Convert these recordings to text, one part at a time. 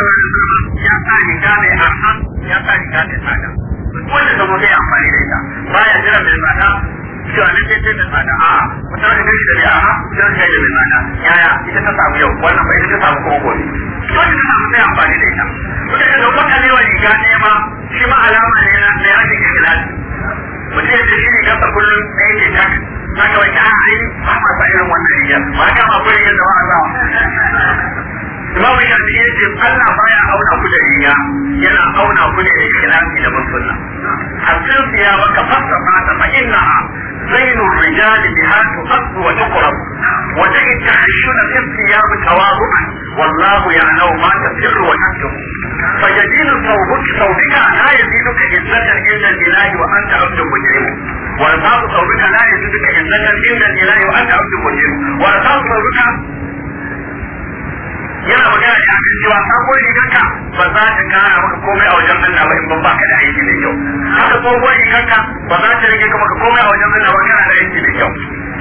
wani zama ya sa riga mai ya sa riga mai tsada wanda zama zai amfani da ita baya jira mai tsada cewa nan sai sai mai tsada a wata wani zai da mai arha sai wani gari mai tsada yaya ita ta samu yau wannan ba ita ta samu kuma gobe wanda amfani da ita wanda ta zama wata lewa riga ne ma shi ma alama ne na rashin ikhlasi mutum ya ce shi kullum na yake jaka zaka wani an sai ba ma sa irin wannan rigar ba ka ma ba a zama imamu shafi ya ce Allah baya auna ku da riya yana auna ku ne da ikhlasi da bin sunna hasil ya maka fasafa ta fa inna zainu rijali biha tuqaddu wa tuqrab wa ta'in tahshuna fi thiyab tawadhu'an wallahu ya'lamu ma tasirru wa taktum فجديد ثوبك ثوبك لا يزيدك عزة إلا الإله وأنت عبد مجرم ورثاء ثوبك لا يزيدك عزة إلا الإله وأنت عبد مجرم ورثاء ثوبك yana magana ne akan cewa sabuwar rigarka ba za ta kara maka komai a wajen Allah ba in ban baka da aiki mai kyau haka tsohuwar rigarka ba za ta rage maka komai a wajen Allah ba kana da aiki mai kyau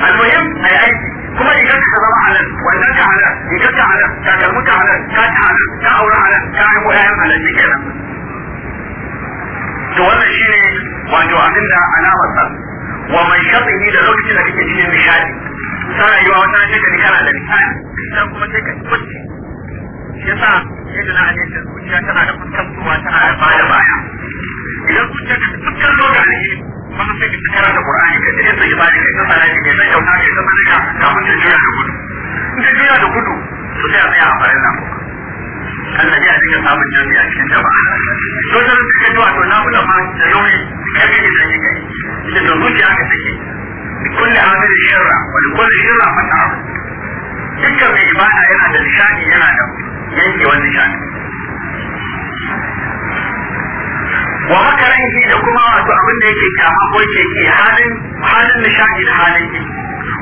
almuhim ai aiki kuma rigarka ta zama halal wannan ka halal rigarka halal takalmuka halal ka ta halal ka aure halal ka haihu ƴaƴan halal ne kenan to wannan shine wato abin da alamarsa wa mai shaɗi da lokacin da kake cikin nishadi sana yiwa wata shekari kana da nishadi sannan kuma sai ka kwanci yasa yadda na ne da zuciya tana da kusan tana da baya baya idan zuciya ta dukkan lokaci kuma sai ka kara da qur'ani da dai sai ba ne ka fara ne da kyauta ne da manaka da mun da jira da gudu in ka jira da gudu to sai a tsaya a farin nan Allah ya dinga samun jami a cikin jama'a to da kake zuwa wato na bula ma da yauni kake da kake kai idan da zuciya ka take kullu amil shirra wa kullu shirra mata'ab dukkan mai ibada yana da yana da yanke wannan shani wa haka ranki da kuma wato abin da yake kyama ko yake ke halin halin nishadi da halin ki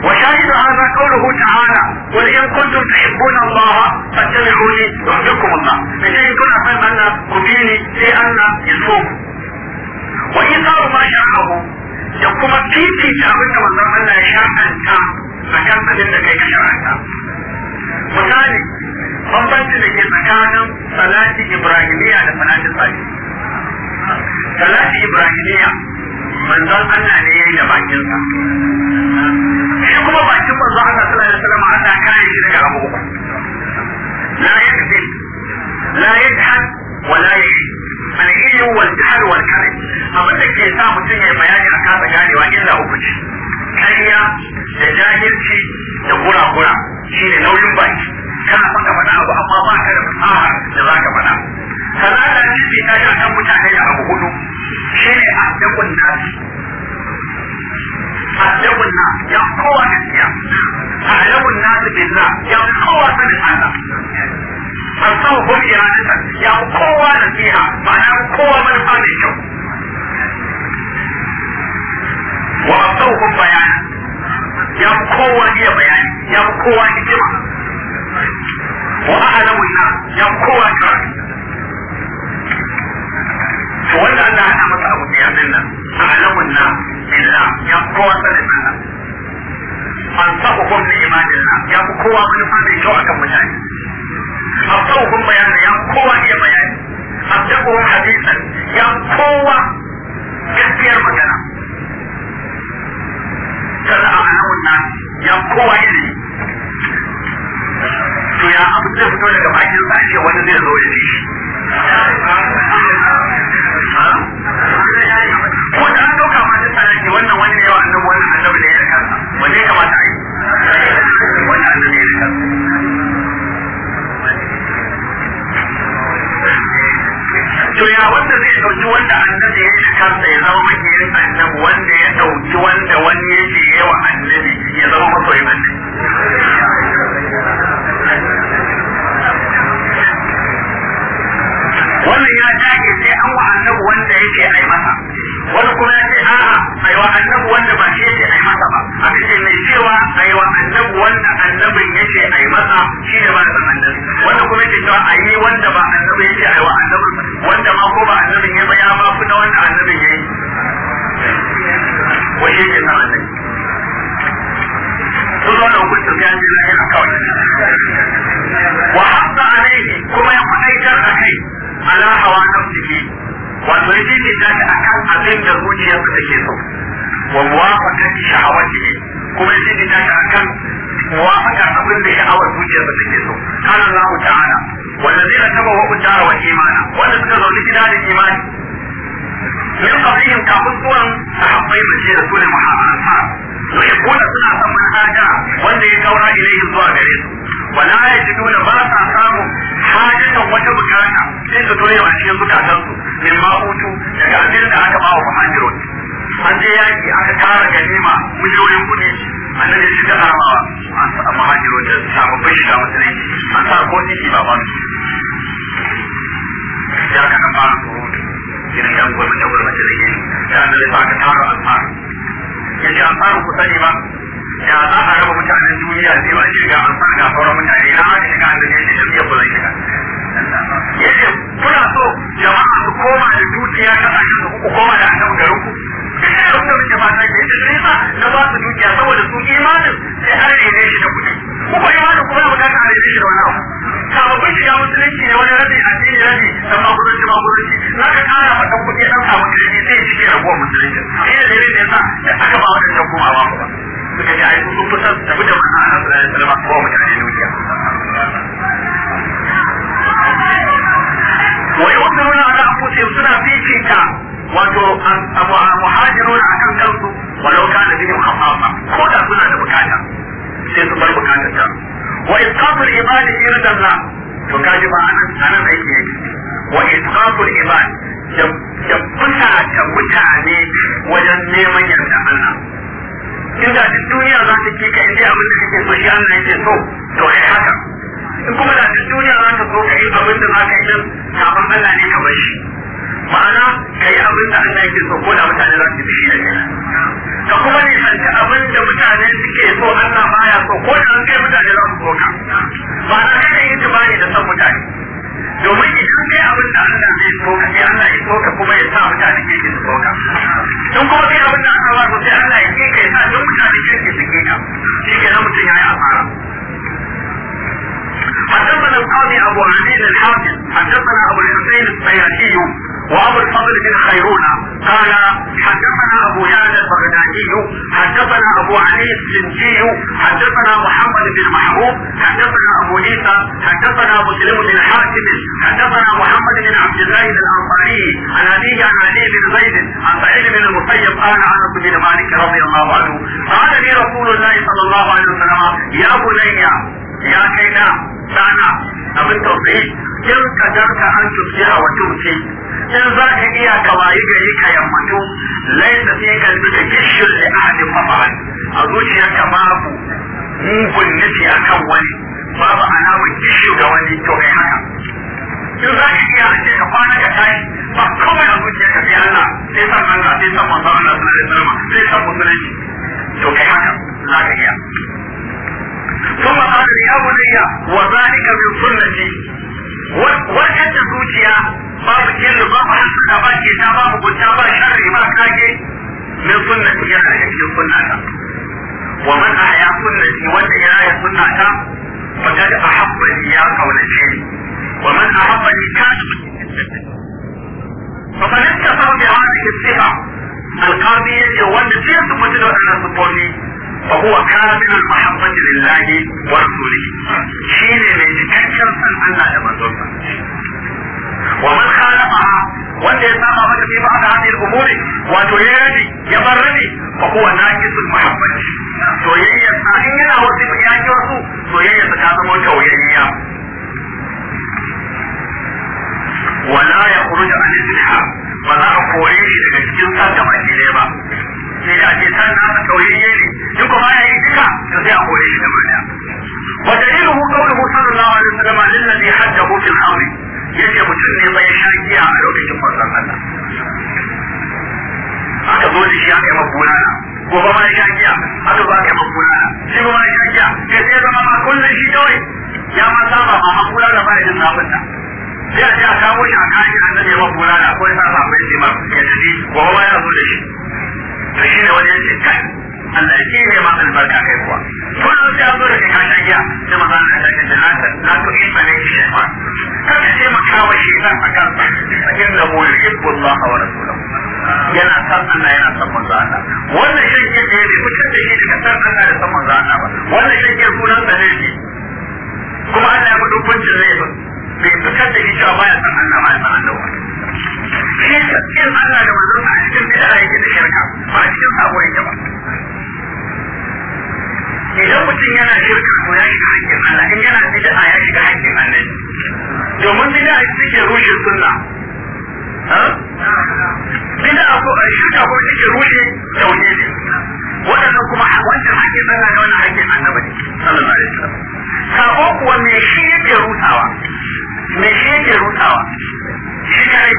وشاهد هذا قوله تعالى قل إن كنتم تحبون الله فاتبعوني يحببكم الله من شيء يكون أفهم أن قبيلي لأن يصوم وإيثار ما شاءه da kuma fifita abin da manzon Allah ya sha'anta a kan abin da kai ka sha'anta misali bambanci da ke tsakanin salati ibrahimiya da salatin baki salati ibrahimiya manzon Allah ne yayi da bakin sa shi kuma bakin manzon Allah sallallahu alaihi wasallam Allah kare shi daga abu la yakzib la yadhan wa la yashi al-ilm wal jahl wal karam abin da ke sa mutum ya bayani a kasa illa uku ce kariya da jahilci da gura-gura shi ne nauyin baki kana faɗa abu amma ba ka da fasaha da za ka faɗa kaza da jibi ta yi kan mutane da abu hudu shi ne addabun nasi addabun nasi ya kowa gaskiya addabun nasi billah ya kowa sanin da fasau hul iradatan ya kowa nasiha ya kowa manufa mai kyau wa sauhun bayani ya kowa iya bayani ya kowa hikima wa a'lamu ina ya kowa karatu to wanda Allah ya masa abu da yamin nan a'lamu na billah ya kowa sanin Allah an sahu kun da imanin nan ya kowa wani fadi kyau akan mutane kowa iya bayani hadisan kowa gaskiyar magana kana a nan wannan ya kowa ilimi to ya abu zai fito daga bakin sa ce wani zai zo ya ci ko da an dauka ma da tsara ke wannan wani ne wa annabi wannan annabi ne ya kansa wani ya kamata a yi wannan annabi ne ya kansa to ya wanda zai dauki wanda annabi ya shi kansa ya zama makiyin annabi wanda ya dauki wanda wani ya ce yawa annabi ya zama masoyin annabi wannan ya dage sai يعني sun kusa da muka mana a rasu da ya salama kuma mutane duniya. Wai wasu nuna ala amfusi suna fifita wato muhajirun a kan kansu walau kana bihim khasasa ko da suna da bukata sai su bar bukatar ta. Wa isqatul ibadi irdalla to kaji ba anan anan aiki yake. Wa isqatul ibadi da fusa ta mutane wajen neman yarda Allah. inda duk duniya za ta kika inda abin da kike so shi Allah yake so to ai haka in kuma da duk duniya za ta so kai yi abin da za ka yi nan sabon Allah ne ka bar shi ma'ana kai yi abin da Allah yake so ko da mutane za su bi shi da kai ka kuma ne hanta abin da mutane suke so Allah baya so ko da an kai mutane za su so ka ma'ana ne yin bani da san mutane domin idan kai abin da Allah zai soka sai Allah ya soka kuma ya sa mutane kirki su soka don kuma kai abin da Allah ba sai Allah ya kirki ya sa don mutane kirki su kirka shi ke nan mutum ya yi asara حدثنا القاضي ابو عزيز الحافظ حدثنا ابو الحسين الصياشي وابو الفضل بن خيرونه قال حدثنا السجي حدثنا محمد بن محبوب حدثنا ابو عيسى حدثنا مسلم بن حاتم حدثنا محمد بن عبد الله الانصاري عن ابيه عن علي بن زيد عن سعيد بن المسيب قال عن انس بن مالك رضي الله عنه قال لي رسول الله صلى الله عليه وسلم يا بني يا كينا دانا ابن توفيق in kadar ka an tuki a wato ce in za ka iya ka wayi gari ka yammatu laisa ka kalbi ka kishin da ahalin mafarai a ka babu mugun nufi kan wani babu alamar kishin ga wani to mai haka in za ka iya ake ka kwana ka tashi ba kawai a ka sai Allah sai san Allah sai san manzo Allah sallallahu alaihi sai san musulunci to kai haka za ka iya ثم قال يا بني وذلك من سنتي wannan da zuciya babu jinnu babu hasuka ba ke ta babu gunta ba shari ba kage min sunnati ya daga cikin sunnata wa man ahya sunnati wanda ya raya sunnata faqad ahabba ya kaunace ni wa man ahabba ni kana فمن اتفق بهذه الصفة القاضية وأن سيرة مثل أن الصفوني فهو كامل المحبة لله ورسوله شيء من تكتر سن الله لمنزلنا ومن خالفها wanda ya saba mata fi ba da hadin wato ya rabi ya bar rabi fa huwa naqisul muhabbati soyayya in yana wasu ya wasu soyayya ta zama wala ya ba za daga cikin da ba ne da ake san na ba tauyayye ne in kuma ya yi duka to sai a kore shi da baya wa daliluhu qawluhu sallallahu alaihi wasallam hadda hajjahu fil amri yace mutum ne bai shirki a lokacin manzon Allah aka zo shi aka yi mabulana ko ba ma aka zo aka mabulana shi ba ma ya shakiya sai zama ma shi kawai ya ma saba ma mabulana ba ya jin sabon nan sai a ce a kawo shi a kayan annabi ya mabulana ko ya saba mai shi ma ya tafi ko ba ya zo da shi to shi ne wani yake kai Allah shi ne ma albarka kai kuwa ko da sai da kan shi ma kada sai shi Allah wa yana san Allah yana san manzo Allah wannan ne da shi san Allah da san manzo Allah ba wannan ne kuma Allah ya gudu kuncin ne ba bai fitar da shi cewa baya san Allah san Allah nesa Allah da wanzu a cikin bid'a yake da shirka ba a cikin sabo yake ba idan mutum yana shirka ko ya shiga hakkin Allah in yana bid'a ya shiga hakkin Allah domin bid'a take rushe sunna bid'a ko eh, shirka ko take rushe tauhidi waɗannan kuma wancan hakkin Allah ne wannan hakkin annabi sallallahu alaihi wasallam sabo kuwa me shi yake rutawa me shi yake rutawa shi kai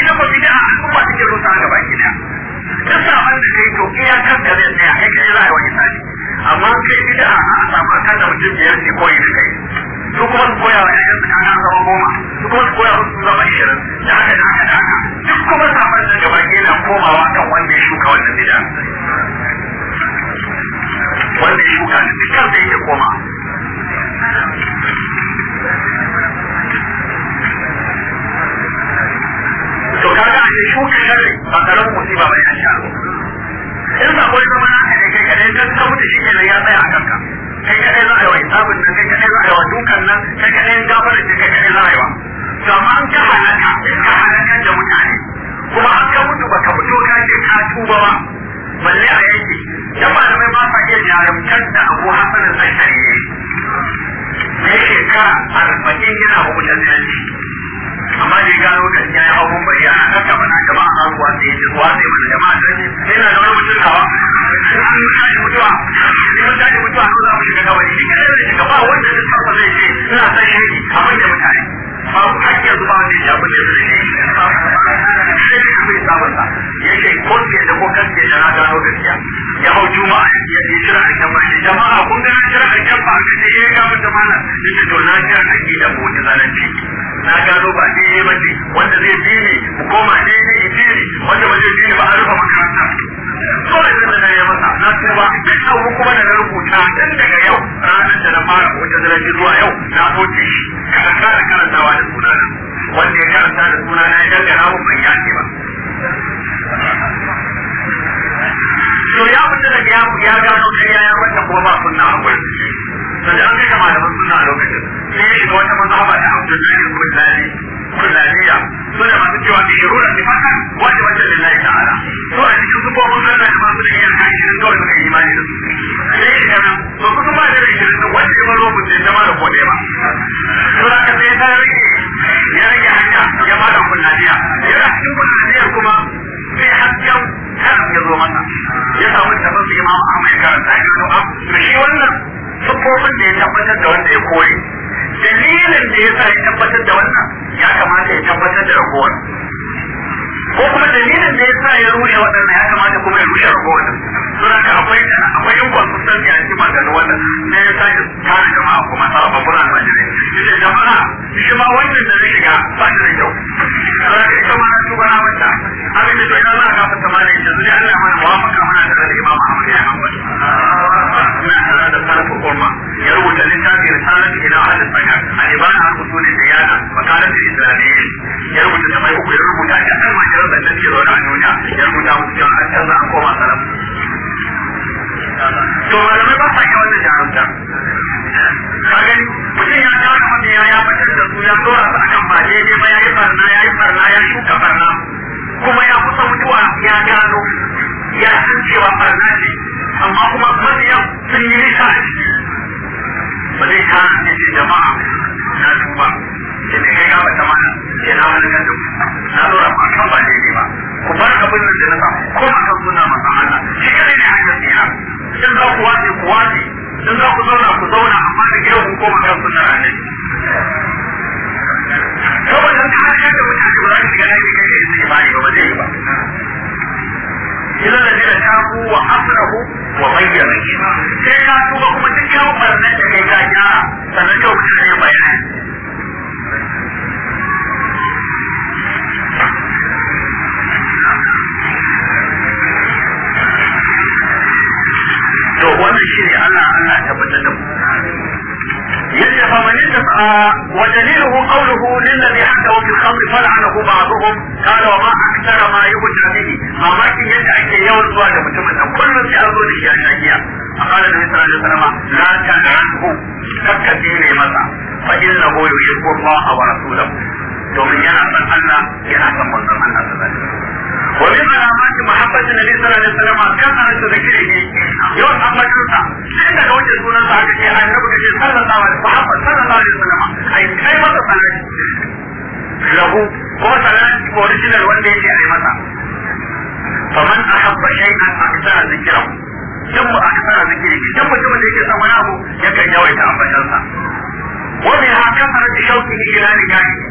ita ko bid'a al'umma take rusa gaba ki daya duk kai to iya kan da zai tsaya kai kai za a yi wani tsari amma kai bid'a a samu kan da mutum biyar ne koyi da kai su kuma su koya wa zama goma su kuma su koya zama ishirin da haka da haka da haka duk kuma da gaba ki na komawa kan wanda ya shuka wannan bid'a wanda ya shuka ne da koma shi shuka rai ba karamin musiba ba ne a sharo in sako ya zama naka ne kai kadai don ka mutu shi kenan ya tsaya a kanka kai kadai za a yi wa hisabin nan kai kadai za a yi wa dukan nan kai kadai in gafarar ce kai kadai za a yi wa to amma an ka halaka ka halakar da mutane kuma an ka mutu ba ka fito ka ce ka tuba ba balle a yanki yan malamai ba sa iya jarumtar da abu hasanin sai me ne shekara arba'in yana hukuntar da yanki amma da ya gano da ya yi hawan bai ya haka mana gaba a ruwa da ya ruwa da ya jama'a da ne yana da wani mutum kawa an tashi mutuwa ne mun mutuwa ko za mu shiga kawai shi ne da shiga ba wanda ya tsarfa zai ce ina san shi a manyan mutane ba ku hakiyar zuba wanda ya shafi ne su ne sai da kuma ya sabanta ya ce ko ke da ko kan ke da na gano gaskiya ya hau juma'a ya ce shirin alkyamba shi jama'a kun gana shirin alkyamba a kan da ya gano jama'a ya ce to na shirin na gano ba ni yayi ba wanda zai bi ni mu koma ni ni in ji ni wanda ba zai bi ni ba a rufa makaranta kawai zai na yi masa na ce ba duk abu kuma da na rubuta tun daga yau ranar da na fara wata zai na zuwa yau na soke shi kada kara karantawa da sunana wanda ya karanta da sunana ya dangana mu ban ce ba to ya mutu daga ya gano kariya ya wanda kuma ba sunna akwai to da an kai kama da suna a lokacin da ya shiga wata mazhaba da abdullahi kullani kullaniya da masu cewa bi yaro da nifaka wani wajen lillahi ta'ala to a cikin su kuma sun da masu da yin kai shirin kawai suka da su sai ya ga ku kuma da shirin da wanda ya baro mutum ya zama da kode ba to da ka sai ta rike ya rage hanya ya mara da Ya yana cikin kuma sai hasken kan ya zo masa ya samu tafasu imam Ahmad karanta ya zo a shi wannan siffofin da ya tabbatar da wanda ya kore dalilin da ya sa ya tabbatar da wannan ya kamata ya tabbatar da ragowar ko kuma dalilin da ya sa ya rure waɗannan ya kamata kuma ya rushe ragowar suna da akwai akwai yin kwasusar da ake maganin wannan na ya sa ya tara jama'a kuma tsara babban almajirai shi ne jama'a shi ma wannan da zai shiga ba shi da kyau suna da ita ma na tuba na mata abin da bai zama ka ta malai yanzu ne Allah ya wa muwafaqa mana da Imam Ahmad ya ambata na da farko ku ya rubuta zaune a duniya ya rubuta musu cewa an canza koma to malamai ba sa iya jarumta mutum ya kawo da mabiya ya fitar da su ya su ba daidai ba ya yi barna ya yi barna ya shuka barna kuma ya kusa mutuwa ya gano ya san cewa ce amma kuma sun yi nisa a ciki ba zai kana ce jama'a na kai ya wata mana ce na wani gado na lura ba kan ba daidai ba ku bar abin da na sa ko a kan suna masa hana shi kadai ne hanyar ya? in za ku wace ku wace in za ku zauna ku zauna amma da gidan ku koma kan suna ranar saboda ta hanyar da mutane ba za su gana ne kan yadda ya bani ba ba zai yi ba إلى الذين تابوا وأصلحوا وبينوا sai ka tuba kuma duk yawon barnar da kai ka gyara kyau kuma فمنتقى آه، ودليله قوله للذي عنده في الخمر فلعنه بعضهم قال وما اكثر ما يهد به ما مات يدعي في يوم الوالد متمنى كل في ارضه يا شيخ فقال النبي صلى الله عليه وسلم لا تنعه كالكثير مزع فانه يحب الله ورسوله ومن ينعم الحنه ينعم الظلم الناس ذلك ومن علامات محبة النبي صلى الله عليه وسلم كثرة ذكره يوم أما شرطة لأن وجه سنة صحابته عن ربك صلى الله عليه وسلم صلى الله عليه وسلم أي كيف تصلي له هو صلاة أوريجينال وأن يجي عليه مثلا فمن أحب شيئا أكثر ذكره ثم أكثر ذكره ثم ثم ذكر سماه يكن يويت أنبشرها وبها كثرة شوقه إلى نجاحه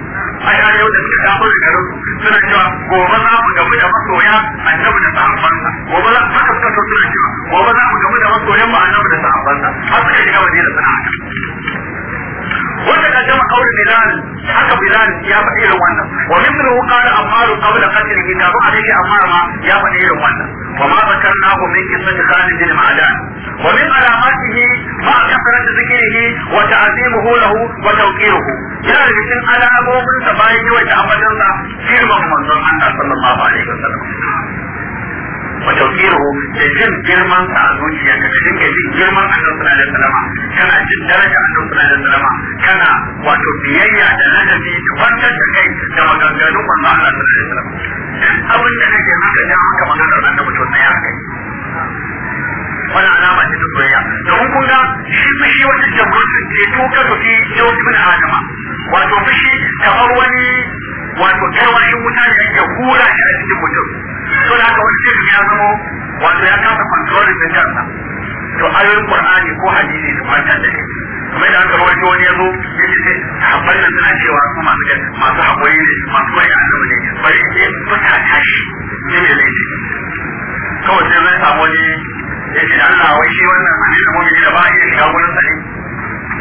a ya yau da suka shafa da garin suna cewa gobe za mu gamu da masoya annabi da sahabbansa gobe za mu gobe za mu gamu da masoyan mu annabi da sahabbansa har suka shiga suna haka wanda ka jama kauli bilal haka bilal ya faɗi irin wannan wa min minhu qala ammar qabla qatlihi kafu alayhi ammar ma ya faɗi irin wannan wa ma zakarnahu min qissati khalid bin ma'adan. wa min alamatihi ma kasrat zikrihi wa ta'zimuhu lahu wa tawqiruhu yana da cikin alamomin sa bayan yawaita amadin sa firman manzon Allah sallallahu alaihi wasallam wa tawfiruhu da jin girman sa a zuciya ka dinga jin girman annabi sallallahu alaihi wasallam kana jin daraja annabi sallallahu alaihi wasallam kana wato biyayya da ladabi da wannan da kai da maganganun manzo Allah sallallahu alaihi wasallam abin da nake maka da maka maganar annabi to na ya kai wani alama ce ta soyayya Da kun ga shi fushi wata jamhuriyar ce to ka tafi yau ibn adama wato fushi kamar wani wato karwashin wuta da yake hura shi a cikin mutum to da haka wani ya zama wato ya kasa kontrolin da jarsa to ayoyin qur'ani ko hadisi su ma da kai kuma idan aka rawaito wani yazo ya ce habban nan suna cewa su masu da masu hakuri ne masu koyi annabi ne bari ke fuska tashi ne ne laifi kawai sai zai samu wani ya ce Allah wai shi wannan annabi ne da ba ya shiga gurin sa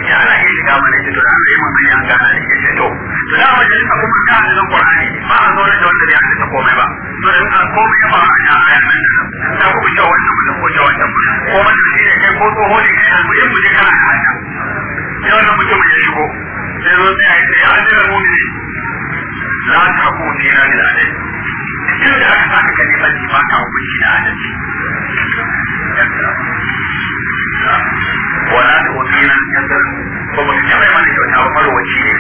ya ana iya shiga mana shi to da mun hanya an gana da shi to to da majalis a kuma ta hadisin ba a zaune da wanda ya komai ba to in a komai ya a ya aya nan ta ku bi wannan mutum ko ja wannan mutum ko mun shi ne kai ko tsoho ne kai an mutum muje kana hanya sai wannan mutum ya shigo sai zo sai ai sai an jira mu'mini la ta ku dina da alai tun da aka saka kalimar ba ta hukunci da adalci wala da wani ya ba mu mana kyauta ba ne ya wajen ya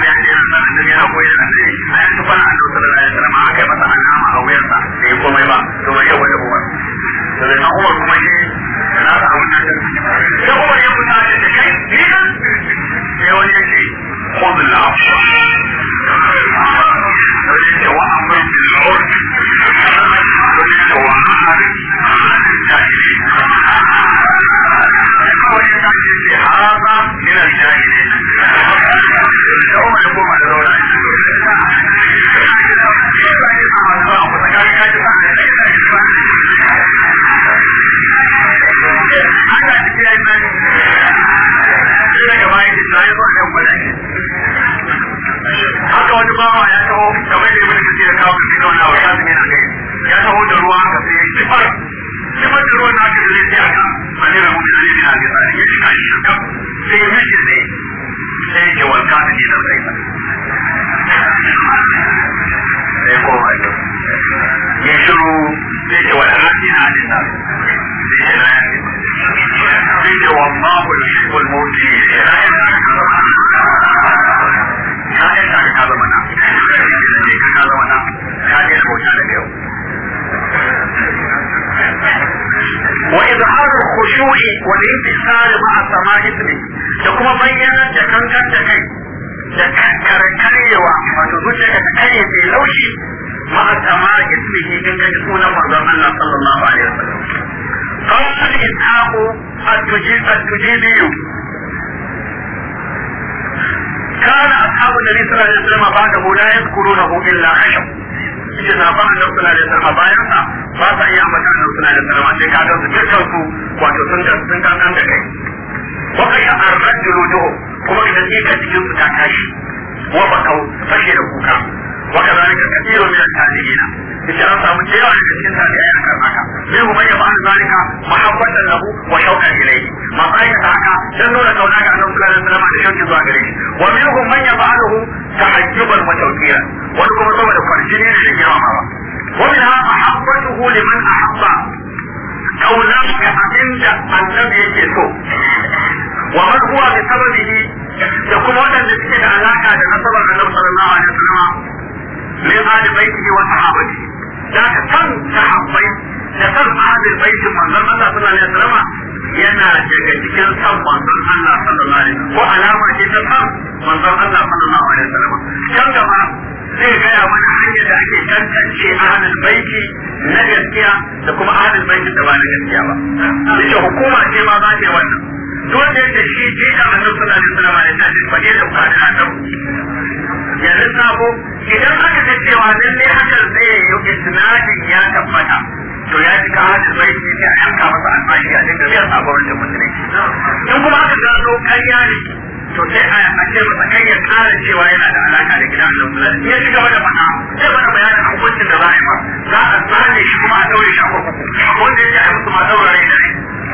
ce yana koyi da yanzu an da ya masa an a wuyarsa da ya komai ba to yau kuma zai na umar kuma shi manzon Allah sallallahu alaihi wasallam qala ishaq at-tujib at-tujibi كان na النبي صلى الله عليه وسلم a nan suna da sama bayan sa ba sa iya ambata nan suna da sama sai kaga su dukkan su wato sun da sun kan da kai wa kai a arrajulu kuma idan ne ka cikin su ta kashi wa ba fashe da kuka وكذلك كثير من التابعين إذا أنت مجيء عن كثير تابعين كذاك منهم من يفعل ذلك محبة له وشوقا إليه ما ذلك ذاك جنون كونك أنه كان السلام على شوق ذاك ومنهم من يفعله تحجبا وتوكيلا ولكم صوت فرجين لجرامة ومنها محبته لمن أحبه كونك أنت الذي يسوء ومن هو بسببه يكون وطن لسكين علاقة لنصب النبي صلى الله عليه وسلم من آل بيته وصحابته ذاك كم صحابي لكم آل بيت منظر الله صلى الله عليه وسلم ينا جگتك الكم منظر الله صلى الله عليه وسلم وعلامة جيت الكم منظر الله صلى الله عليه وسلم كم كما سيه كيا من حنية لأكي كم تنشي آل البيت نجد كيا لكم آل البيت دوانا جد كيا بقى لشي حكومة كيما باتي وانا wanda yake shi ji da annabi sallallahu alaihi wasallam ya tafi kwaje da kwaje da annabi yanzu sabo idan aka ce cewa lalle hakan zai yi isnadin ya tabbata to ya ji ka hada zai ce ta yanka masa albashi a dinga biyar sabon da musulunci in kuma aka gano karya ne to sai a ce masa kan ya cewa yana da alaka da gidan da musulunci in ya ci gaba da faɗa zai wani bayanin hukuncin da za a yi ba za a zane shi kuma a daure shi a kurkuku wanda ya yi musu ma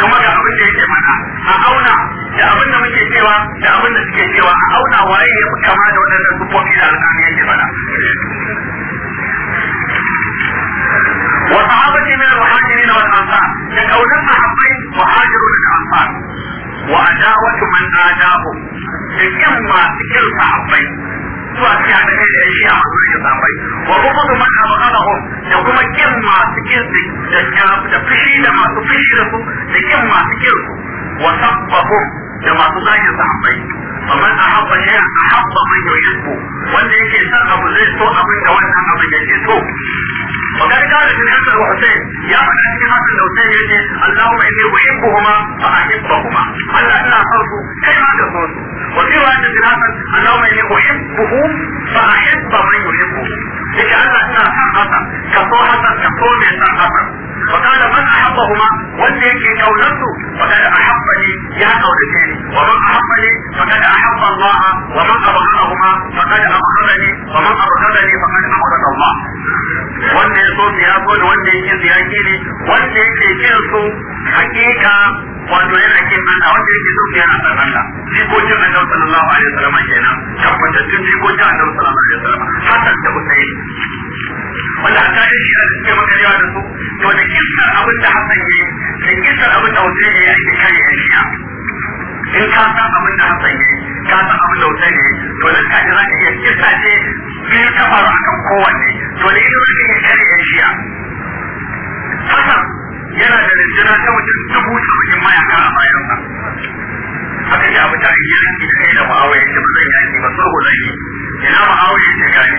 kuma ga abin da yake mana a auna da abin da muke cewa da abin da suke cewa a auna waye ya fi kama da waɗannan sufofi da alƙami yake mana وصحابة من المهاجرين والأنصار Wa صحابين مهاجرون الأنصار وعداوة من عداهم لكن ما تكل zuwa cikin hadari da ya shiya masu rikin wa kuma su mata wa kana hom da kuma kin masu kin da fushi da masu fushi da da kin masu kin su wa sabbahum da masu zagin samai kamar a haɓa ne a haɓa man yoyin wanda yake son abu zai so abin da wannan abin yake so وقد قال ابن حسن وحسين يا من ابن حسن لو سيدي اللهم اني احبهما فاحبهما الا انا صرف كيما تصرف وفي روايه ابن حسن اللهم اني احبه فاحب من يحبه لكي الله انا صرف حسن كصور حسن كصور من حسن فقال من احبهما wanda yake kaunar su faqad ahabbani ya kaunace ni wa man ahabbani faqad ahabba Allah wa man abghadahuma faqad abghadani wa man abghadani faqad abghada Allah wanda ya so ni ya so ya hakika wato yana kin Allah wanda yake so yana san Allah ni sallallahu alaihi wasallam kenan tabbataccen ni ko jin sallallahu alaihi wasallam hakan da mutane wanda aka yi shi da cikin makarewa da su to da kisar abin da Hassan yi da kisar abin da wuce ne ya ake kare yan shiya in ka san abin da hasan yi ka san abin da wuce ne to da ka ji za ka iya kisa ce biyu ta faru akan kowanne to da ita wuce ne kare yan shiya hasan yana da rinjina ta wajen dubu wajen mayaka a bayansa haka ji abu ta yi yanki da kai da ma'awai ya ce ba zan yaki ba sulhu zan yi ina ma'awai ya ce gani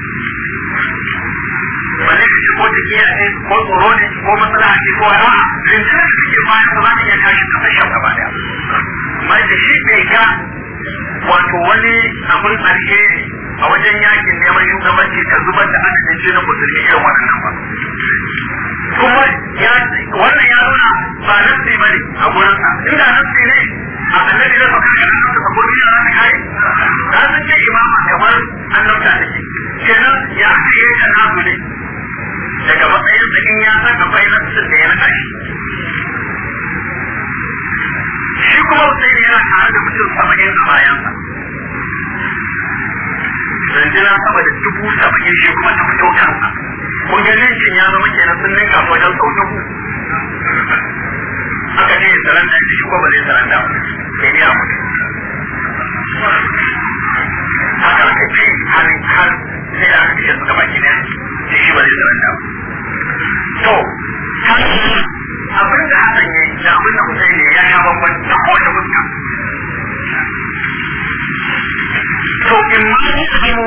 ba zai fi ko take ya ne ko tsoro ne ko matsala ce ko ra'a rinjina da take bayan ba za ta iya tashi ta fashe gaba daya amma da shi bai ga wato wani abin ƙarshe a wajen yakin neman shugabanci ta zubar da adadin jinin musulmi irin waɗannan ba kuma wannan ya nuna ba nafsi ba ne a gurinsa inda nafsi ne a annabi na saka ya nuna ta gurbi da rana kare ta sun ce imama kamar annabta take kenan ya ce ya nazo ne daga matsayin sa in ya san akwai nassin da ya naka kashi shi kuma sai yana tare da mutum saba'in a bayan sa rundunar sama da dubu saba'in shi kuma ta fito kansa kun ga nishin ya zama kenan sun ninka wajen sau dubu aka ce saranda shi ko ba zai saranda ba sai ya mutu haka ka ce har har sai da aka ce suka baki ne shi shi ba zai zama nan to abin da hasan ya yi da abin da kusa ne ya sha bambam da kowace fuska to in ma ni samu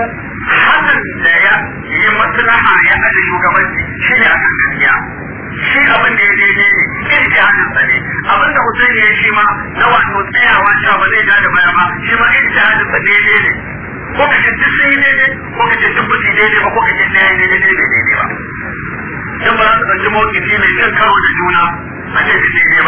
hasan da ya yi maslaha ya aje shugabanci shi ne akan gaskiya shi abin da ya daidai ne irin jihadin sa ne abin da Hussein ya yi shi ma na wato tsayawa sha ba zai ja da baya ba shi ma irin jihadin sa daidai ne ko ka ce sun yi daidai ko ka ce duk ba su yi daidai ba ko ka ce ɗaya daidai daidai ba dan ba za su ɗauki mawuƙi mai cin karo da juna a ce shi ne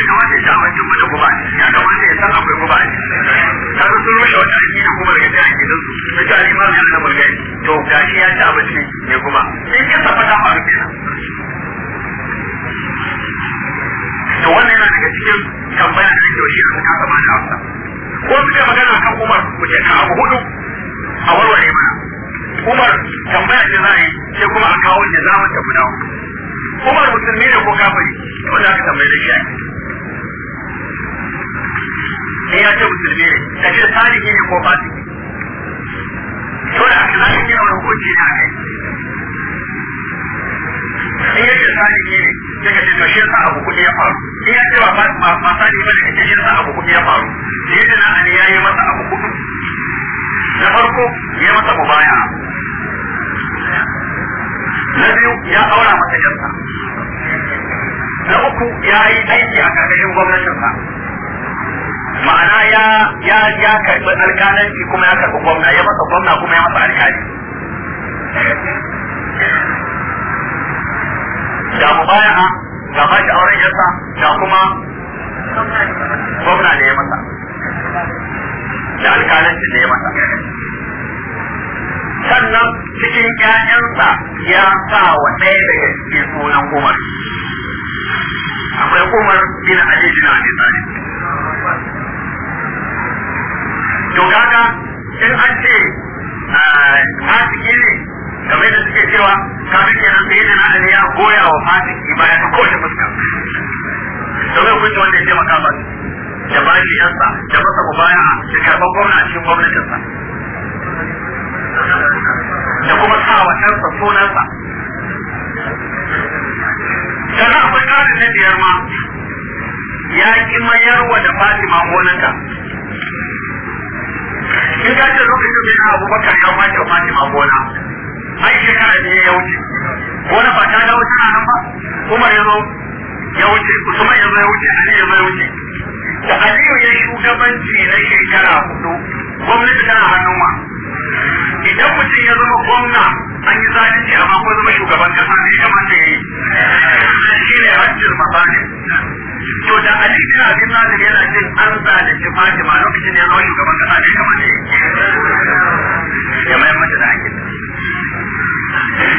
bai kamata ya ci abincin mu da guba ya kamata ya san akwai guba ta ga sun rushe wata aiki da kuma daga cikin akidan su ta ci alimami ya zama gai to ya ci abinci mai guba sai ya saba ta faru kenan to wannan yana daga cikin tambaya da ke shi suka kasa mana hausa ko suka magana kan umar mu ce abu hudu a warware mana umar tambaya ce za a yi sai kuma a kawo da zamun ta guda umar musulmi ne ko kafiri wanda aka tambaye da shi ake sai ya ce musulmi ne ta ce salihi ne ko fasiki to da aka zai yi wani hukunci ne a kai in ya ce salihi ne sai ka ce to shi sa abu kuɗi ya faru in ya ce ba ba salihi ba ne ka ce shi sa abu kuɗi ya faru Da yadda na ali ya yi masa abu kuɗi na farko ya masa baya. na biyu ya aura masa yarsa na uku ya yi aiki a ƙarƙashin gwamnatinsa ma'ana ya ya ya karbi alƙalanci kuma ya karbi gwamna ya masa gwamna kuma ya masa alƙali da mu baya ga ba shi auren yasa da kuma gwamna ne ya masa da alƙalanci ne ya masa sannan cikin ƴaƴansa ya sa wa ɗaya daga cikin sunan Umar akwai Umar bin Ali bin Abi Talib to kaga in an ce ah, fasiki ne kamar da suke cewa kafin kenan sai yana da ya goya wa fasiki baya ta kowace fuska domin kun wanda ya taimaka ba da ba shi yansa da masa mubaya da karɓar gwamna a cikin gwamnatinsa da kuma sa wa ɗansa sunansa sannan akwai ƙarin na biyar ma ya ƙi mayarwa da Fatima gonanta in ka ce lokacin da yana abubakar ya kwace fatima gona ai ne ya wuce gona ba ta dawo tana nan ba umar ya zo ya wuce usman ya zo ya wuce ali ya zo ya wuce da aliyu ya shugabanci na shekara hudu gwamnati hannun wa idan mutum ya zama gwamna an yi zalunci amma ko zama shugaban kasa ne ya manta yayi shi ne hajjul mafanin to da Ali bin Abi Talib yana jin an zalunci Fatima lokacin ya zama shugaban kasa ne ya manta ya mai mata da hakkin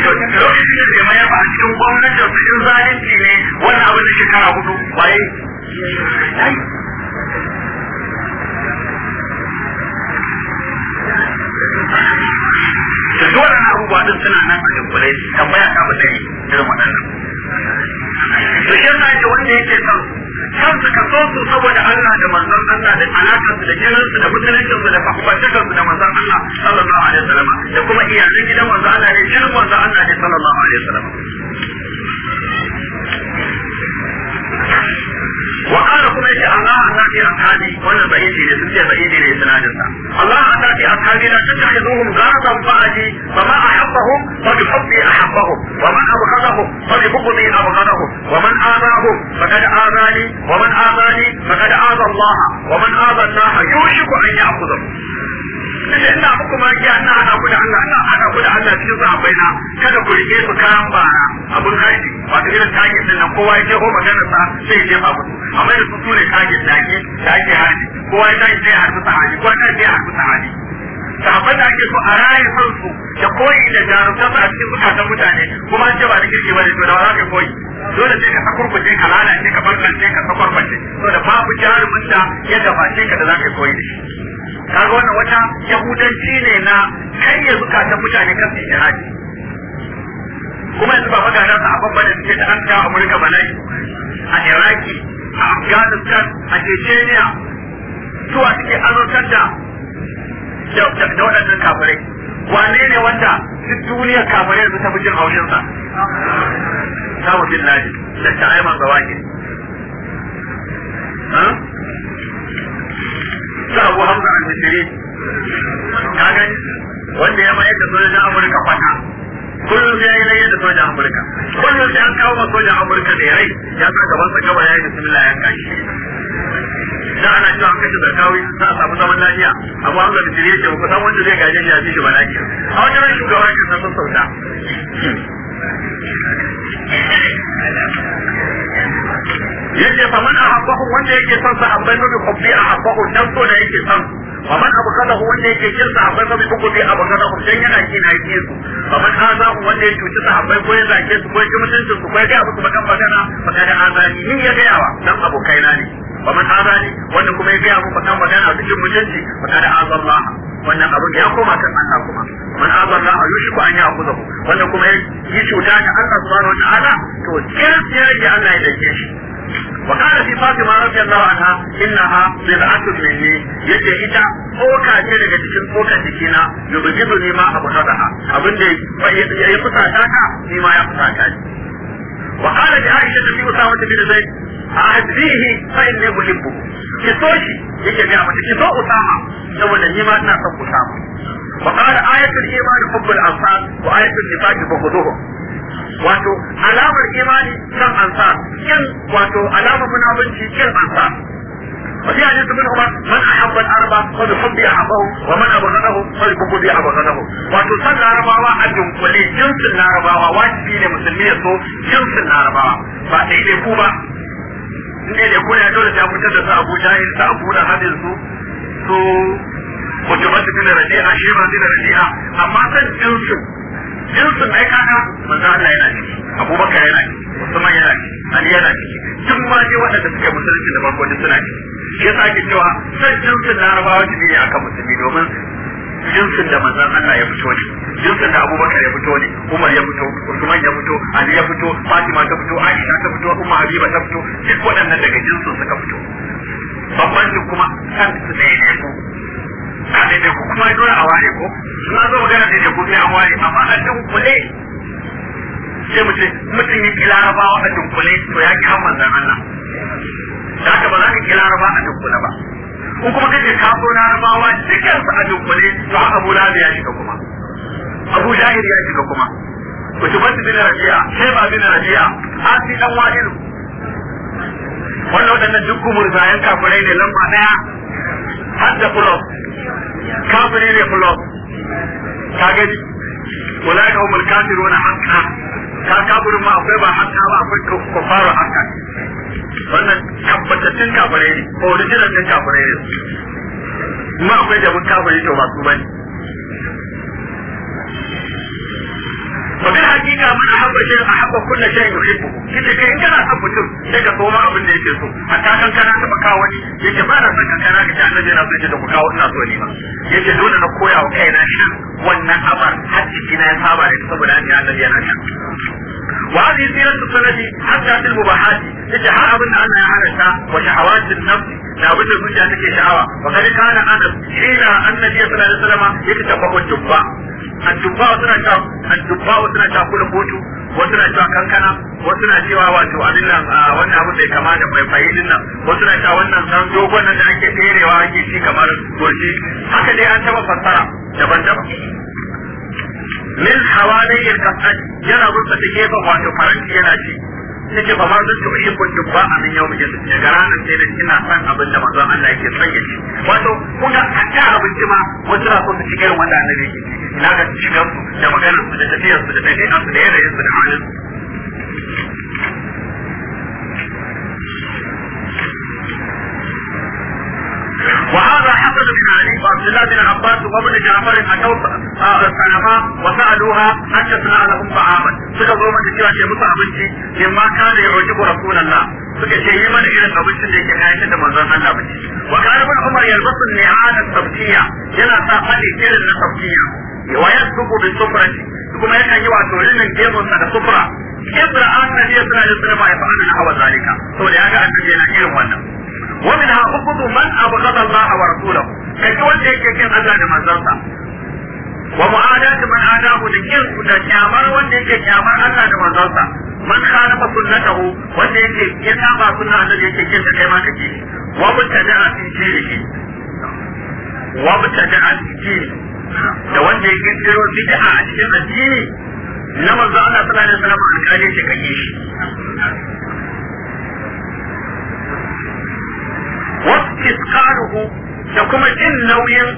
to lokacin da ya mai ba cikin gwamnatin su in zalunci ne wannan abin da shekara hudu da dole na abubuwa din suna nan a dubbule tambaya ta ba sai irin waɗannan to shi yasa ce wanda yake son kan su ka so su saboda Allah da manzon Allah da alakar su da jirin su da mutuncin su da fahimtar su da manzon Allah sallallahu alaihi wasallam da kuma iyalan gidan manzon Allah ne jirin manzon Allah ne sallallahu alaihi wasallam وقال كما يجي الله أتى في أصحابي وانا بعيدي لسنتي بعيدي لسنادسة الله أتى في أصحابي لا تتخذوهم غرضا بعدي فما أحبهم فبحبي أحبهم ومن أبغضهم فببغضي أبغضهم ومن آذاهم فقد آذاني ومن آذاني فقد آذى الله ومن آذى الله يوشك أن يأخذه tunda ina muku magiya ina hada ku da Allah ina hada ku da Allah cikin sahabbai na kada ku rike su kayan bara abun haji wato irin takin din nan kowa ya je ko magana sa sai ya je ma ku amma yanzu fito ne kage dake dake haji ko ya dai sai a harbi haji ko ya tashi sai a harbi sahabi sahabban da ake so a raye son su da koyi da jarumta a cikin zukatan mutane kuma an ce ba da kirki ba da to da ba za ka koyi dole sai ka sakurkuce ka lalace ka barkance ka sakwarbace to da babu jarumin da ya gabace ka da za ka koyi da shi kaga wannan wata yahudanci ne na karya zukatan mutane kan su jihadi kuma yanzu ba magana ta a babban da suke da an kawo amurka bala'i a iraki a afghanistan a chechenia suwa suke azurtar da da waɗannan kafirai wane ne wanda duk duniyar kafirai ta fi jin haushinsa samu bin laji da ta'ayman gawa ke sa abu hamza al-bashiri ta gani wanda ya mayar da sojojin amurka kwata kullum ya yi rayu da sojan amurka kullum ya kawo ma sojan amurka da ya rai ya sa gaban sa gaba ya yi bismillah ya kashi da ana cewa an kashe zarkawi za a samu zaman lafiya amma an ga da shirye ce ba kusan wanda zai gaje shi a cikin balaki a wajen rashin shugaba ya kasa sun sauta yace fa man ahabbahu wanda yake son sa abban nabi a ahabbahu dan so da yake son ومن أبغضه su يكير صحابي فبيكون بي أبغضه ya أكين أكيس ومن آذاه وأن يكير صحابي فويزا أكيس فويزا مسلسل فويزا أبغض مكان مكانا فقد آذاني هي يغيوا لم أبو كيناني ومن آذاني وأن كما يغيوا مكان مكانا mutunci مسلسل فقد آذى الله wannan abin ya koma kan Allah kuma man azan a ayushiku an ya akuza wannan kuma yi cuta da Allah subhanahu wa ta'ala to kirkiyar da Allah ya dace shi وقال في فاطمة رضي الله عنها إنها بضعة مني يجي إذا أوكا شركة تكون أوكا تكينا يبجدني ما أبغضها أبن دي يقصى تاكا مما يقصى تاكا وقال في لعائشة في أسامة في زيد أهديه فإني أحبه كسوشي يجي بيعمل كسو أسامة سوى نهيما ناسا أسامة وقال آية الإيمان حب الأنصار وآية النفاق فخذوهم wato alamar imani kan ansa kin wato alamar munafunci kin ansa a man araba, وفي حديث a عمر من احب الاربع فلحب احبهم ومن ابغضهم فلبغض ابغضهم wato san larabawa a dunkule jinsin larabawa wajibi ne musulmi ya so jinsin larabawa ba ɗaya ne ku ba ne ne ku ne dole ta fitar da su abu jahil ta abu da hadin su su mutumatu bin rabi'a shi ba bin rabi'a amma san jinsin jinsin ai kaga manzo Allah yana ciki Abubakar yana ciki Usman yana ciki Ali yana ciki duk ma dai waɗanda suke musulunci da farko duk suna ciki shi yasa ake cewa san jinsin Larabawa ne akan musulmi domin jinsin da manzon Allah ya fito ne jinsin da Abubakar ya fito ne Umar ya fito Usman ya fito Ali ya fito Fatima ta fito Aisha ta fito Umma Habiba ta fito duk waɗannan daga jinsin suka fito bambancin kuma kan su ne ne a daidai ko kuma dole a ware ko na zo magana daidai ko sai an ware amma a dunkule sai mu ce mutum ya ki larabawa a dunkule to ya ki hamman zan Allah da haka ba za ka ki laraba a dunkule ba ko kuma kace ka so larabawa cikin su a dunkule to Abu Lahab ya shiga kuma Abu Jahil ya shiga kuma Kutubat bin Rabi'a, Sheba bin a Asi dan Wa'ilu, wannan waɗannan duk murzayen kafirai ne lamba daya har da fulof kafirai ne fulof ka gani wala ka umar kafiru wani haka ka kafirin ma akwai ba haka ba akwai kofara haka wannan tabbatattun kafirai ne ko original din kafirai ne kuma akwai da mun kafirai to ba su bane wajen hakika mana haɓa a haɓa kunna shi ne shi kike kai kana mutum sai ka koma abin da yake so a takan kana taɓa kawo wani yake ba na son ka kana ka annabi da ku kawo ina so ba yake dole na koya wa kaina wannan abar na ya saba da saboda ni annabi yana sha وهذه سيرة السند حتى في المباحات يجعل أبن أن أعرف وشهوات النفس وقد كان أنس حين أن النبي صلى الله عليه وسلم يكتب الجبة addubba'u suna ta addubba'u suna ta kula kotu wasu na cewa kankana wasu na cewa wato abin nan wannan abu sai kama da bai bai din nan wasu na cewa wannan san dogon nan da ake tserewa ake shi kamar gurji haka dai an taba fassara daban-daban min hawalayil kasati yana rubuta gefen wato faranti yana ci nake ba ma zan ci wani kun duk ba nan yau mijin gara ranar sai da ina san abin da manzon Allah yake son ya ci wato kun ga a ta abinci ma wasu na so su ci irin wanda annabi yake ina ga shigar su da maganar su da tafiyar su da ɗaiɗaiɗan su da yanayin su da halin وهذا حصل من علي وعبد الله بن عباس وابن جعفر اتوا السلفاء وسالوها ان تصنع لهم طعاما suka zo mata cewa ke مما abinci يعجب رسول الله suka ce yi mana irin abincin da yake kayan da manzon Allah bace wa kana ibn umar yalbasu ni'ana sabtiya yana sa fadi irin na sabtiya wa yasbuku bi sufrati kuma yakan yi wato rinin gemun sa da sufra ibra annabi sallallahu alaihi wasallam ya fa'ala hawa zalika saboda ya ga annabi yana irin wannan wamina a unguɗu man abu gaɓarwa a wasu lau kai wanda yake kira aza da mazomfa wa mu'adatu ma'anaku da ƙirfu ta ƙyamar wanda yake ƙyamar aza da mazomfa mun kharama kunna taho wanda yake ƙira ba kunna da yake kira ta taimaka kiri wabin tafi a cikin cire kiri wabin a cikin da wanda ya ke ta yi wa biƙe a ajiye a kare na maza na sunanin sanarwar alƙalai daga kiri. waktis karuhu da kuma jin nauyin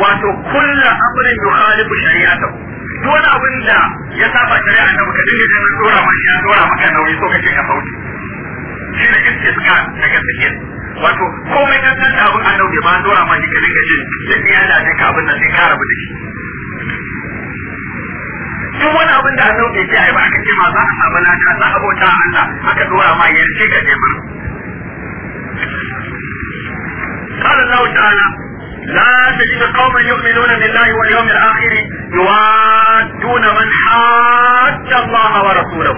wato kulla amrin yukhalifu shari'a duk wani abin da ya saba shari'a da baka dinga jin dora ma ya dora maka nauyi so kake ka sauke shi ne istisqar daga cikin wato komai kan san abin an dauke ba dora ma shi ka dinga jin da ya da ka abin nan sai ka rabu da shi duk wani abin da an dauke shi ai ba aka ce ma za a samu lada za a bauta Allah aka dora ma yarce ka nema قال الله تعالى لا تجد قوما يؤمنون بالله واليوم الآخر يوادون من حاد الله ورسوله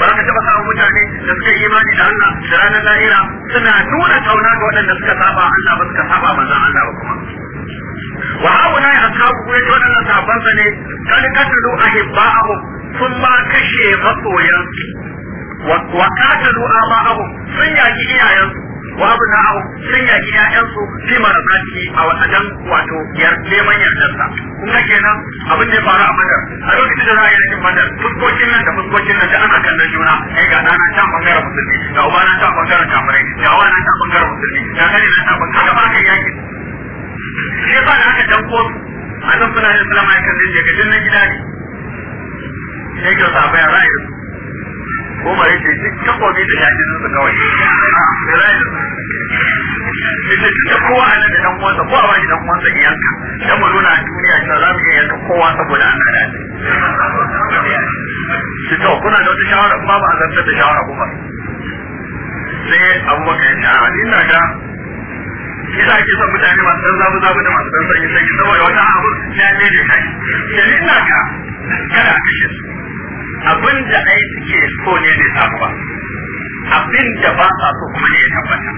ba ka taba samun mutane da suka yi imani da Allah da ranar lahira suna nuna tauna ga waɗanda suka saba Allah ba suka saba manzon Allah ba kuma wa hauna ya ashabu ko yace waɗannan sahabban sa ne kan katalu ahibba'ahum sun kashe masoyan wa katalu aba'ahum sun yaki iyayensu wa abu na au sun yaki ƴaƴansu fi marasati a wajen wato yar neman yardarsa kun ga kenan abin da ya faru a madar a lokacin da za a yi yakin madar fuskokin nan da fuskokin nan da ana na juna ai ga na can bangaren musulmi ga uba na ta bangaren kamarai ga uwa na can bangaren musulmi ga kare na can bangaren kamarai ga yaki shi yasa da aka danko annabi sallallahu alaihi wasallam ya kalle shi ga jinnan gida ne sai ga sabai ra'ayi Umar ya ce duk takobi da ya zuwa kawai. Ita ce da kowa a nan da ɗan uwansa ko a wani ɗan uwansa ya yanka. Dan mu nuna duniya cewa za mu iya yanka kowa saboda an kada Shi to kuna da wata shawara kuma ba a zartar da shawara kuma. Sai abubakar ya ce a ina ga yasa ake son mutane masu ɗan zabu zabu da masu ɗan sanyi sanyi saboda wata abu ya ne da kai. Dalilin ka kada a abin da ai suke so ne ne samu ba abin da ba sa so kuma ne ya tabbata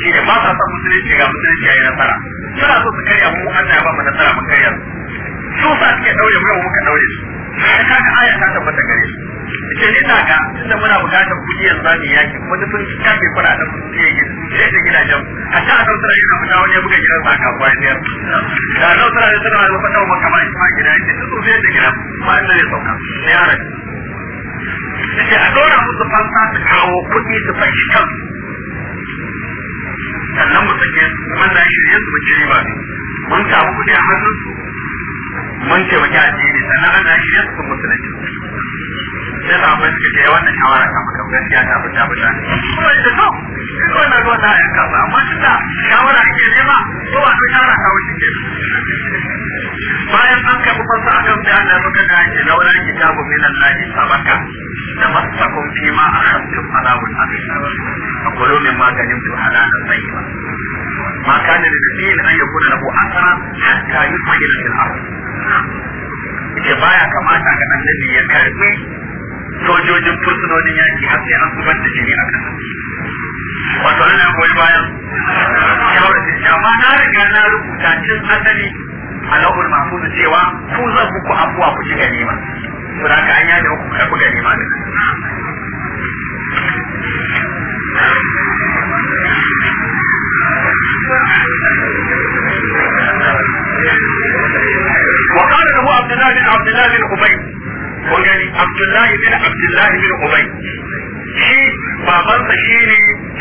shi ne ba sa son musulunci ga musulunci ya yi nasara suna so su karya mu an ya ba mu nasara mun karya su sa suke daure mu muka daure su kaka aya ta tabbata gare su ce ni na ga tunda muna bukatar kuɗi yanzu za mu yaki kuma duk sun kafe kuɗaɗen mu sai ya sai da gidajen a ta nan tsara yana fita wani ya buga gidan sa ka kuwa ne da nan tsara ne tsara ne fata wa makama shi ma gidan shi su sai da gidan ma ina ne sauka ne ya rabu sai a dora musu fansa su kawo kuɗi su fashi kan sannan mu sake mun da shirye su ci riba mun samu kuɗi a hannunsu mun taimaki addini sannan ana shirye su musulunci sai da abin da ya wannan shawara kan maka gaskiya ta fi tafi ta kuma da to duk wannan ruwa ta yanka ba amma shi da shawara ake nema ko ba shawara kawo shi ke bayan an karɓi fasa a kan bayan da muka da ake laura kitabu min Allah sabaka da masakon fima a hankali alawun azim a kullum min maganin tu halalan tayyiba ما كان للنبي ان يكون له اثرا حتى يسجد في الارض. يبقى كما كان النبي يكرمه sojojin fursunonin yaki har sai an zubar da jini a kasa wato ana goyi bayan shawarar da amma na riga na rubuta cin asali a lauhul mahfuz cewa ku zan muku abuwa ku shiga nema su da an yaje ku karbu ga nema da وقال له عبد الله بن عبد الله بن أبي kun abdullahi bin abdullahi bin ubay shi babansa shi ne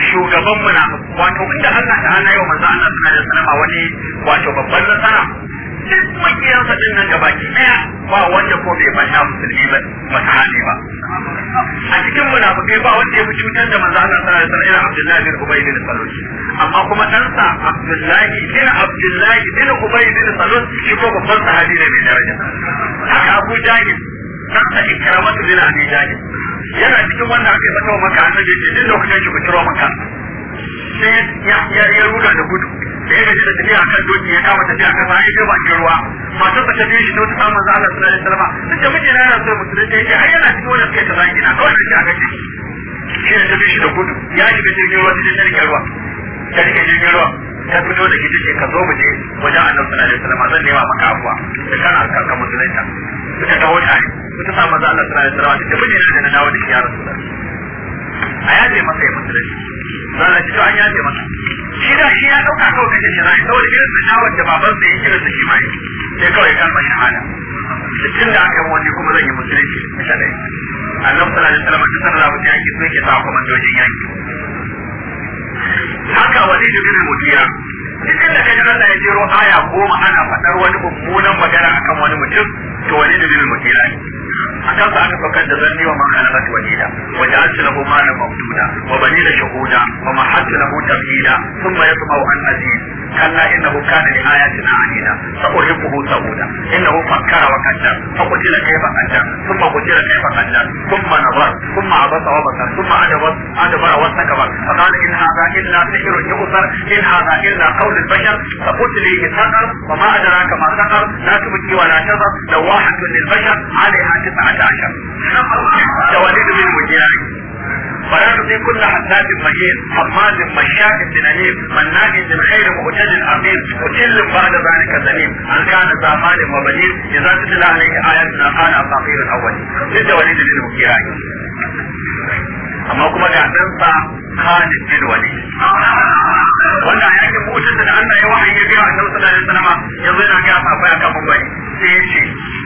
shugaban munafik wato inda Allah ta hana yau manzo Allah sallallahu alaihi wasallam wani wato babban nasara duk makiyansa din nan gabaki daya ba wanda ko bai bata musulmi ba hali ba a cikin munafikai ba wanda ya fi cutar da manzo Allah da alaihi wasallam Abdullahi bin Ubay bin Salul amma kuma ɗansa Abdullahi bin Abdullahi bin Ubay bin Salul shi ko babban sahabi ne mai daraja haka Abu Jahil kanta ikramatu bin abi jahil yana cikin wanda aka yi mata wa maka annabi ce din lokacin shi ku kiro maka sai ya ya ruga da gudu sai ya da tafiya kan doki ya kama tafiya kan sai ya bakin ruwa masu ta tafi shi ta samun manzo sallallahu alaihi wasallam sai miji na yana so musulunci yake ai yana cikin wanda suke tazaki na kawai shi aka ce shi ne tafi shi da gudu ya shiga cikin ruwa sai ya ruwa ka rike jibiruwa ta fito da shi ce ka zo mu je wajen annabi sallallahu alaihi wasallam zan nema maka afuwa da kan harkar ka ta suka dawo tare suka sa maza Allah sallallahu alaihi wasallam da bude da na dawo da shi ya rasu a yaje masa ya musulunci za shi ci to an yaje masa shi da shi ya dauka kawai kace shi zai saboda irin da shawar da baban sa yake da shi mai sai kawai kalmar shahada cikin da aka wani kuma zan yi musulunci misalai Allah sallallahu alaihi wasallam ta sanar da yaki sai ke sa komandojin yaki haka wani jibril mutiya cikin da kaji Allah ya jero aya goma ana faɗar wani mummunan magana a kan wani mutum to wani jibril mutiya ne akan sa aka fakar da zanni wa man kana bat walida wa ja'altu lahu malan mabduda wa banina shuhuda wa mahattu lahu tabhila ya yatma'u an aziz kalla innahu kana li ayatina anina fa uhibbuhu sauda innahu fakkara wa qaddar fa qutila kayfa qaddar thumma فقدر كيف قدر ثم نظر ثم عبس وبصر ثم أدبر أدبر واستكبر فقال إن هذا إلا سحر يؤثر إن هذا إلا قول البشر فقلت لي سقر وما أدراك ما سقر لا تبكي ولا تذر لواحة للبشر عليها تسعة عشر. وليد بن مجيري فلا تطيع كل حساب مجيد حماد مشاء بنميم مناع بالخير معتد عظيم قتل بعد ذلك ذميم ان كان ذا مال وبنين اذا تتلى عليه اياتنا قال اساطير الاولين ضد وليد بن مكياي amma kuma ga dan sa Khalid bin Walid wanda a yakin mutunta da Allah ya wahayi ya ga Annabi sallallahu alaihi wasallam yanzu yana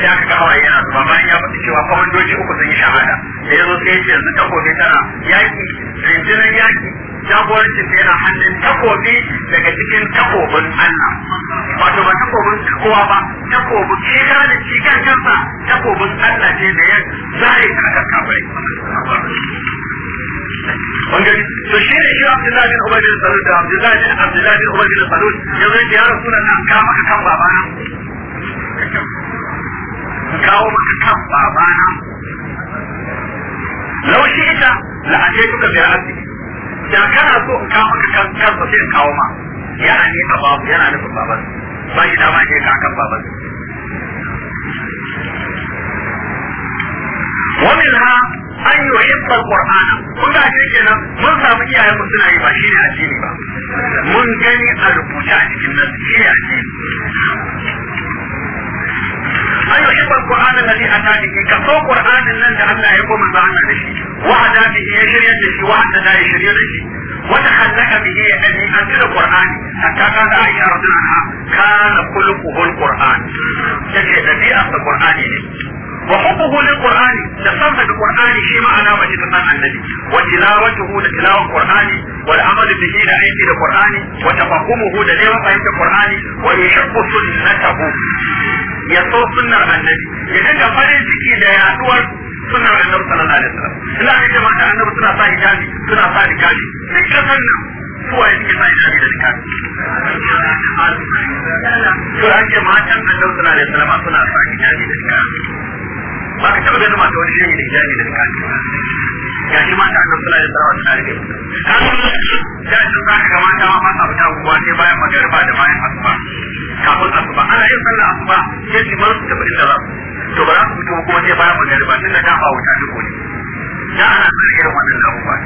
sai aka ga hawaye yana zuba bayan ya faɗi cewa kwamandoji uku sun yi shahada da ya zo sai ya ce yanzu takobi tana yaƙi rinjinar yaƙi jagorancin da yana hannun takobi daga cikin takobin Allah wato ba takobin kowa ba takobin shi da shi kan kansa takobin Allah ce da ya zare ta akan kafirai bangare to shi ne shi Abdullahi bin Ubay bin Salul da Abdullahi bin Abdullahi bin Ubay bin Salul yanzu ya rasu na an kama kan babana kawo maka kan babana laushi ita la'aje duka bi ra'asi da kana so in kawo maka kan kan ba sai kawo ma yana ne a babu yana da baban ba shi dama ne ka kan baban wannan ha an yi wa yabbar qur'ana kun ga shi kenan mun samu iyayen mu suna yi ba shi ne addini ba mun gani a rubuta a cikin nan shi ne addini ay yuhibbu alquran alladhi atani bi ka so qur'anin nan da Allah ya koma ba Allah da shi wa ada bi ya shirya da shi wa ada da ya shirya da shi wa tahallaka bi ya dani an da qur'ani hatta ka da ayya rabbana kana kulluhu alquran yake da bi'a da qur'ani ne وحبه للقرآن لصمت القرآن شيء معنى وجدنا النبي وتلاوته لتلاوة القرآن والعمل به لأيد القرآن وتفهمه لليوم فهمت القرآن ويحب سنته ya so sunnar annabi ya dinga farin ciki da yaduwar sunnar annabi sallallahu alaihi wasallam ina ne jama'a da annabi suna sa hijabi suna sa hijabi duk san nan kowa ya suke sa hijabi da hijabi to ake da annabi sallallahu alaihi wasallam suna sa hijabi da hijabi ba ka taɓa ganin mata wani shirin da hijabi da duka ya shi mata a kan fulani sarawa ta tare da mutum ta nuna da shi mata ma ba sa fita kuwa sai bayan magariba da bayan asuba kafin asuba ana yin sallar asuba sai su mar su tafi inda za su to ba za su fito kuma sai bayan magariba tun da dama wuta duk ne ya ana son irin wannan abubuwa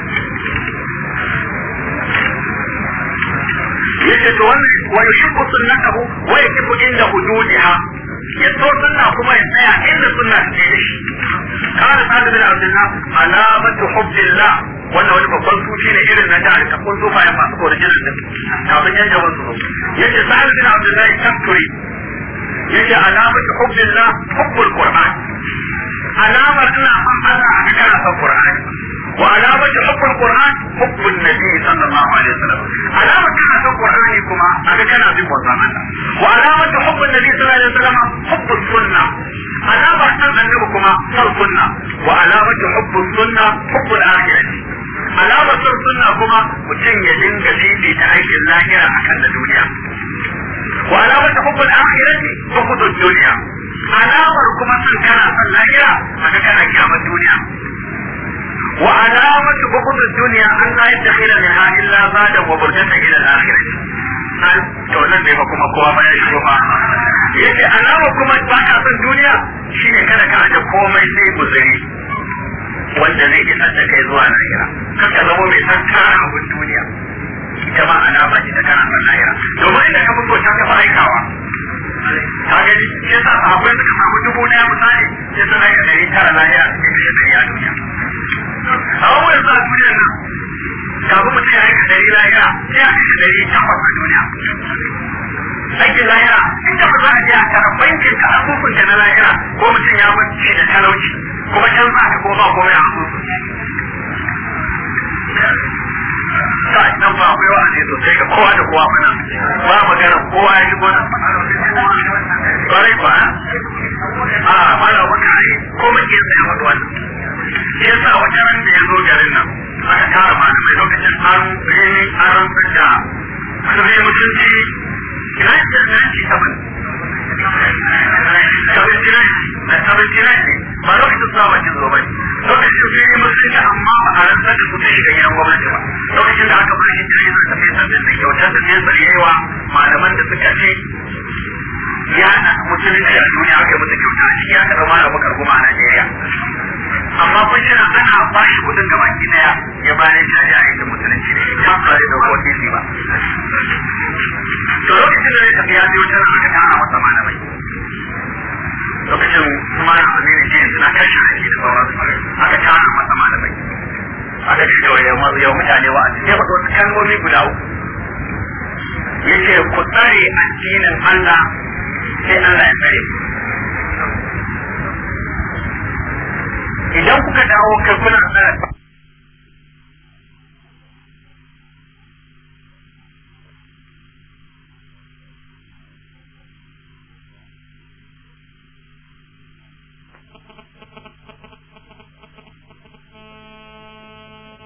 yace to wannan wa yushibbu sunnatahu wai yakifu inda hududiha ya so sunna kuma ya tsaya inda sunna ta da shi kana sa'ad bin abdullah alamatu hubbillah wannan wani babban sufi ne irin na jihar ta kun zuba ya su kori jinin din kafin yan wasu su yace sa'ad bin abdullah tafkuri yace alamatu hubbillah hubbul qur'an alamar ina son Allah a kana qur'ani وعلامة حب القرآن حب النبي صلى الله عليه وسلم علامة حب القرآن كما أنا كان أبي وزمان وعلامة حب النبي صلى الله عليه وسلم حب السنة علامة حب النبي كما السنة وعلامة حب السنة حب الآخرة علامة السنة كما وتن يدين كثيري تعيش اللاهرة أكل الدنيا وعلامة حب الآخرة حب الدنيا alamar kuma sun kana son lahira a kana kyamar duniya وعلامة بغض الدنيا أن لا يدخل منها إلا بعد وبرجة إلى الآخرة to nan ba kuma kowa bayan shi ba alama kuma ba ka san duniya shine kada ka aje komai sai guzuri wanda zai isa da kai zuwa lahira ka zama mai san abin duniya ta ma'ana ba ce ta karantar lahira domin inda ka fito ta ka aikawa ka gani shi ba sahabbai suka samu dubu na ya ya sai suna yin ɗari tara lahira da ɗari ɗari a duniya a wani sa duniya nan kafin mutum yi aika dari lahira sai a kashe ɗari takwas a duniya aikin lahira in ka za a je a kara bankin ka abubuwan ka na lahira ko mutum ya mutu da talauci kuma can ba ka ko ba ko a asusun ce sosai ga kowa da kowa mana ba magana kowa ya shigo da kwarai ba a mara wata ai ko muke tsaye mata wani yasa wata ran da ya zo garin nan aka tara malamai lokacin an rini an rantsar da sirri mutunci kira shi da shi saman kira kira ba lokacin zuwa bakin zo ba lokacin da ya musu da amma ba a rantsar da kuɗi shiga gwamnati ba lokacin da aka bashi jirgin na da kyautar da zai bari yawa malaman da suka ce ya na musulunci a duniya aka mutu kyauta shi ya karɓi mara bakar kuma a Najeriya amma kun shi na ana bashi kuɗin gaba ki daya ya bayar da ya yi da musulunci ne ya fara da wani ne ba to lokacin da ya tafi ya biyo tana aka kama masa malamai lokacin kuma na na da ke aka masa aka ce yau mutane wa a cikin wasu kalmomi guda uku ku tsare addinin Allah sai Allah ya tsare idan kuka dawo kai kuna tsare